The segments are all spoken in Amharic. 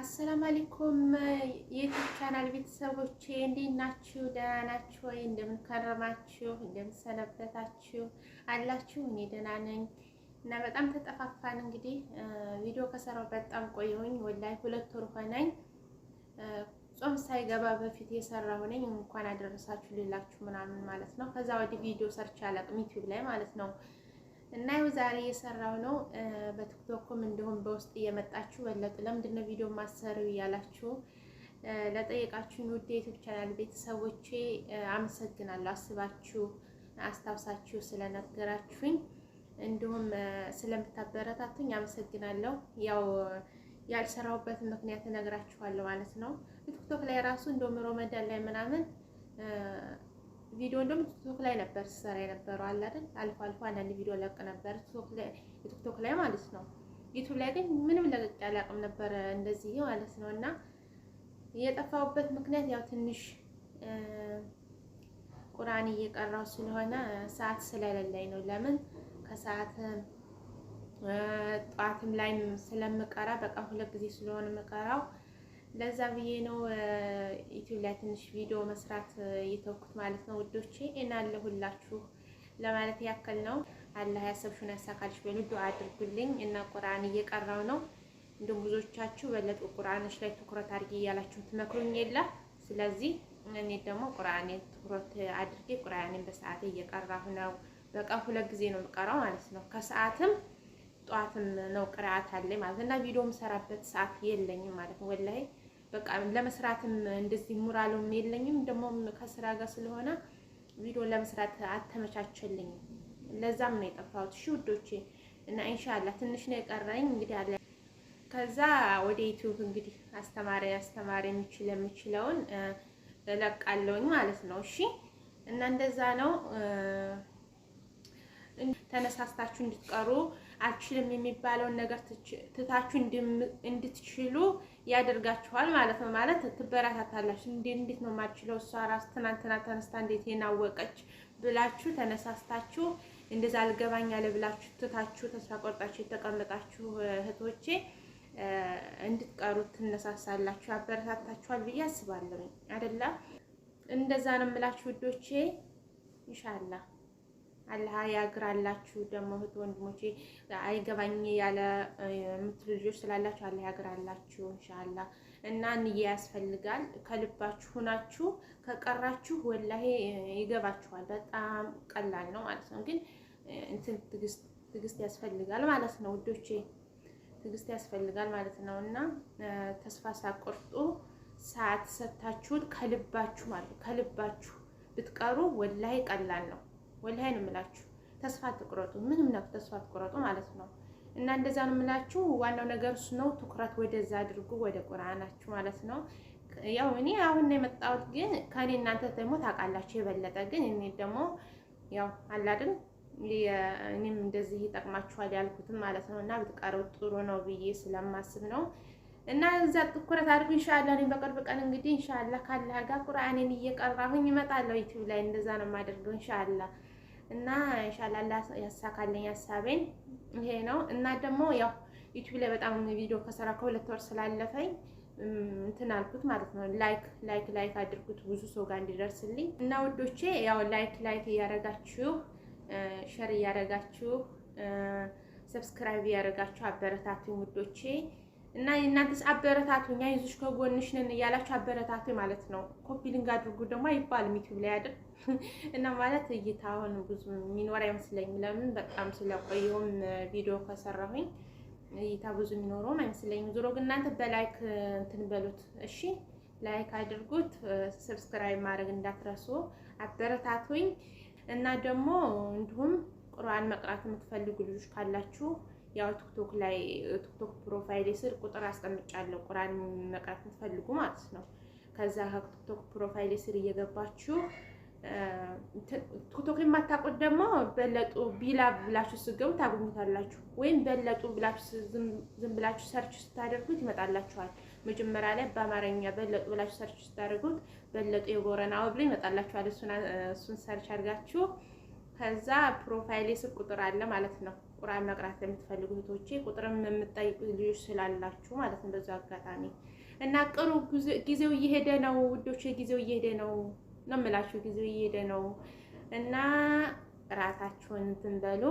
አሰላም አለይኩም የዩቲዩብ ቻናል ቤተሰቦቼ እንዴት ናችሁ? ደህና ናችሁ ወይ? እንደምንከረማችሁ እንደምንሰነበታችሁ አላችሁ? እኔ ደህና ነኝ እና በጣም ተጠፋፋን። እንግዲህ ቪዲዮ ከሰራው በጣም ቆየሁኝ። ወላሂ ሁለት ወር ሆነኝ። ጾም ሳይገባ በፊት የሰራሁ ነኝ። እንኳን አደረሳችሁ ልላችሁ ምናምን ማለት ነው። ከዛ ወዲህ ቪዲዮ ሰርች አላቅም ዩቲዩብ ላይ ማለት ነው። እና ይኸው ዛሬ እየሰራው ነው። በቲክቶክም እንዲሁም በውስጥ እየመጣችሁ በለጡ ለምንድን ነው ቪዲዮ ማሰሪው እያላችሁ ለጠየቃችሁኝ ውድ የዩቲዩብ ቻናል ቤተሰቦቼ አመሰግናለሁ። አስባችሁ አስታውሳችሁ ስለነገራችሁኝ እንዲሁም ስለምታበረታቱኝ አመሰግናለሁ። ያው ያልሰራሁበት ምክንያት እነግራችኋለሁ ማለት ነው። ቲክቶክ ላይ ራሱ እንደውም ሮመዳን ላይ ምናምን ቪዲዮ እንደውም ቲክቶክ ላይ ነበር ስሰራ የነበረው አለ አይደል? አልፎ አልፎ አንዳንድ ቪዲዮ ለቅ ነበር ቲክቶክ ላይ ማለት ነው። ዩቱብ ላይ ግን ምንም ለቅቄ አላውቅም ነበር እንደዚህ ማለት ነው። እና የጠፋሁበት ምክንያት ያው ትንሽ ቁርአን እየቀራሁ ስለሆነ ሰዓት ስለሌለኝ ነው። ለምን ከሰዓት ጠዋትም ላይ ስለምቀራ በቃ ሁለት ጊዜ ስለሆነ የምቀራው ለዛ ብዬ ነው ዩቲዩብ ላይ ትንሽ ቪዲዮ መስራት የተውኩት ማለት ነው ውዶቼ። እና አለሁላችሁ ለማለት ያክል ነው። አላህ ያሰብሽውን ያሳካልሽ በሉ ዱዓ አድርጉልኝ። እና ቁርአን እየቀራው ነው። እንዲሁም ብዙዎቻችሁ በለጡ ቁርአንሽ ላይ ትኩረት አድርጌ እያላችሁ ትመክሩኝ የለ። ስለዚህ እኔ ደግሞ ቁርአኔን ትኩረት አድርጌ ቁርአኔን በሰዓት እየቀራሁ ነው። በቃ ሁለት ጊዜ ነው የምቀራው ማለት ነው። ከሰዓትም ጠዋትም ነው ቅርአት አለኝ ማለት እና ቪዲዮ የምሰራበት ሰዓት የለኝም ማለት ነው ወላሂ በቃ ለመስራትም እንደዚህ ሙራሉም የለኝም። ደግሞ ከስራ ጋር ስለሆነ ቪዲዮ ለመስራት አተመቻቸልኝም። ለዛም ነው የጠፋሁት። እሺ ውዶቼ እና ኢንሻአላህ ትንሽ ነው የቀረኝ እንግዲህ አለ ከዛ ወደ ዩቲዩብ እንግዲህ አስተማሪ አስተማሪ የሚችል የሚችለውን እለቃለሁኝ ማለት ነው። እሺ እና እንደዛ ነው። ተነሳስታችሁ እንድትቀሩ አልችልም የሚባለውን ነገር ትታችሁ እንድትችሉ ያደርጋችኋል ማለት ነው። ማለት ትበረታታላችሁ። እንዴት ነው ማችለው እሷ ራስ ትናንትና ተነስታ እንዴት የናወቀች ብላችሁ ተነሳስታችሁ እንደዛ አልገባኝ አለ ብላችሁ ትታችሁ ተስፋ ቆርጣችሁ የተቀመጣችሁ እህቶቼ እንድትቀሩ ትነሳሳላችሁ፣ ያበረታታችኋል ብዬ አስባለሁ። አይደለም እንደዛ ነው የምላችሁ ውዶቼ። ኢንሻላህ አላህ ያግራላችሁ። አላችሁ ደግሞ እህት ወንድሞቼ አይገባኝ ያለ የምትሉ ልጆች ስላላችሁ አላህ ያግራላችሁ አላችሁ እንሻላ እና እንዬ ያስፈልጋል። ከልባችሁ ሁናችሁ ከቀራችሁ ወላሄ ይገባችኋል። በጣም ቀላል ነው ማለት ነው። ግን እንትን ትግስት ያስፈልጋል ማለት ነው ውዶቼ፣ ትግስት ያስፈልጋል ማለት ነው። እና ተስፋ ሳቆርጡ ሰዓት ሰታችሁን ከልባችሁ ማለት ከልባችሁ ብትቀሩ ወላሄ ቀላል ነው። ወላሂ ነው የምላችሁ። ተስፋ አትቁረጡ፣ ምንም ነው ተስፋ አትቁረጡ ማለት ነው። እና እንደዛ ነው የምላችሁ። ዋናው ነገር እሱ ነው። ትኩረት ወደዛ አድርጉ፣ ወደ ቁርአናችሁ ማለት ነው። ያው እኔ አሁን ነው የመጣሁት፣ ግን ከኔ እናንተ ደግሞ ታውቃላችሁ የበለጠ ግን እኔ ደግሞ ያው አላድም እኔም እንደዚህ ይጠቅማችኋል ያልኩትም ማለት ነው። እና ብትቀረው ጥሩ ነው ብዬ ስለማስብ ነው። እና እዛ ትኩረት አድርጉ ኢንሻአላህ። እኔ በቅርብ ቀን እንግዲህ ኢንሻአላህ ካላህ ጋር ቁርአኔን እየቀራሁኝ እመጣለሁ ዩቲዩብ ላይ። እንደዛ ነው የማደርገው ኢንሻአላህ። እና ኢንሻአላህ ያሳካልኝ ሀሳቤን ይሄ ነው። እና ደግሞ ያው ዩቲዩብ ላይ በጣም ቪዲዮ ከሰራ ከሁለት ወር ስላለፈኝ እንትን አልኩት ማለት ነው። ላይክ ላይክ ላይክ አድርጉት ብዙ ሰው ጋር እንዲደርስልኝ እና ውዶቼ ያው ላይክ ላይክ እያረጋችሁ ሸር እያረጋችሁ ሰብስክራይብ እያረጋችሁ አበረታቱኝ ውዶቼ እና እናንተስ አበረታቱኝ፣ አይዞሽ ከጎንሽ ነን እያላችሁ አበረታቱ ማለት ነው። ኮፒ ሊንክ አድርጉ ደግሞ አይባልም ዩቲዩብ ላይ አይደል እና ማለት እይታ አሁን ብዙ የሚኖር አይመስለኝም። ለምን በጣም ስለቆየውም ቪዲዮ ከሰራሁኝ እይታ ብዙ የሚኖረውም አይመስለኝም። ዞሮ ግን እናንተ በላይክ እንትን በሉት እሺ፣ ላይክ አድርጉት። ሰብስክራይብ ማድረግ እንዳትረሱ፣ አበረታቱኝ። እና ደግሞ እንዲሁም ቁርአን መቅራት የምትፈልጉ ልጆች ካላችሁ ያው ቲክቶክ ላይ ቲክቶክ ፕሮፋይል ስር ቁጥር አስቀምጫለሁ። ቁርአን መቅራት የምትፈልጉ ማለት ነው። ከዛ ከቲክቶክ ፕሮፋይል ስር እየገባችሁ ቶክ የማታውቁት ደግሞ በለጡ ቢላ ብላችሁ ስገቡ ታገኙታላችሁ። ወይም በለጡ ብላችሁ ዝም ብላችሁ ሰርች ስታደርጉት ይመጣላችኋል። መጀመሪያ ላይ በአማርኛ በለጡ ብላችሁ ሰርች ስታደርጉት በለጡ የጎረና ወብሎ ይመጣላችኋል። እሱን ሰርች አድርጋችሁ ከዛ ፕሮፋይል የስብ ቁጥር አለ ማለት ነው። ቁርአን መቅራት ለምትፈልጉ እህቶቼ ቁጥርም የምትጠይቁ ልጆች ስላላችሁ ማለት ነው። በዛ አጋጣሚ እና ቅሩ ጊዜው እየሄደ ነው ውዶች፣ ጊዜው እየሄደ ነው። ነው የምላችሁ። ጊዜው እየሄደ ነው እና ራሳችሁን እንትን በሉ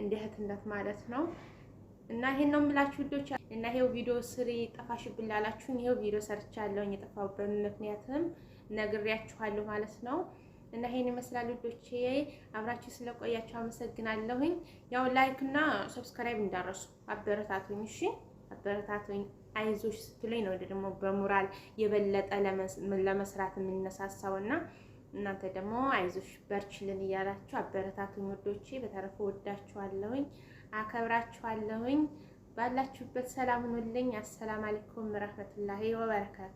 እንደ እህትነት ማለት ነው እና ይሄን ነው የምላችሁ ልጆች። እና ይሄው ቪዲዮ ስሪ ጠፋሽብን ላላችሁኝ ይሄው ቪዲዮ ሰርቻለሁኝ። የጠፋሁበት ምክንያትም ነግሬያችኋለሁ ማለት ነው። እና ይሄን ይመስላል ልጆቼ። አብራችሁ ስለቆያችሁ አመሰግናለሁኝ። ያው ላይክ እና ሰብስክራይብ እንዳረሱ አበረታቱኝ እሺ። አበረታቶኝ አይዞች ስትለኝ ነው ደግሞ በሞራል የበለጠ ለመስራት የምነሳሳው እና እናንተ ደግሞ አይዞች በርችልን እያላችሁ አበረታቱኝ ውዶቼ። በተረፈ ወዳችኋለሁኝ፣ አከብራችኋለሁኝ። ባላችሁበት ሰላም ሁኑልኝ። አሰላም አለይኩም ረህመቱላሂ ወበረካቱ።